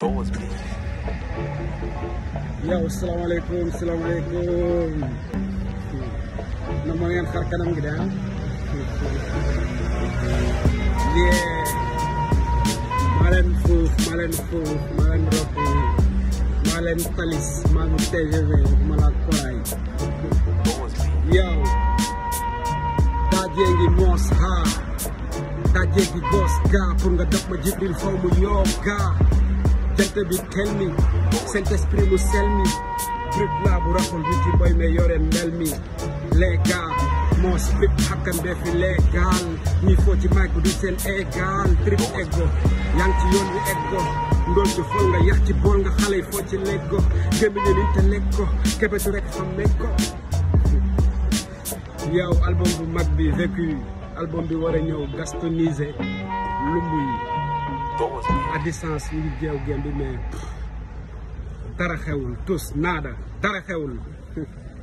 yow ya, salaamaaleykum salaamaaleykum na moo ngeen xar kanam gi de ah yee maa leen fuuf maa leen fuuf maa leen ropp maa leen talis maa ngi TGV ma la koraay yow dajee ngi moos haa dajee ngi jibril faw mu yoo that they be tell me Saint Esprit mu sell me. truc la bu raxul bi boy me yore mel me. Legal. gars mon spit xakkam be légal Me foo ci mic du seen égal trip ego Young ngi ci yoon wi ego ndool ci fol nga yax ci bool nga xale yi foo ci leggo gémmiñu niñ te leggo kebetu rek album bu mag bi vécu album bi war a ñëw gastonisé lumbu yi a distância ñu ngi jeew gem bi mais dara tous nada dara xewul